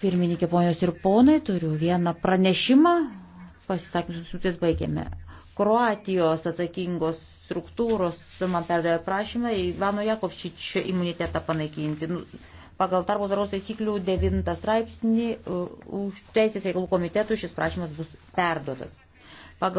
Pirmininkė, ponios ir ponai, turiu vieną pranešimą. Pasisakymus sutis baigėme. Kroatijos atsakingos struktūros man perdavė prašymą Ivano Jakovčičio imunitetą panaikinti. Nu, pagal darbo daros taisyklių 9 straipsnį uh, už Teisės reikalų komitetų šis prašymas bus perduotas. Pagal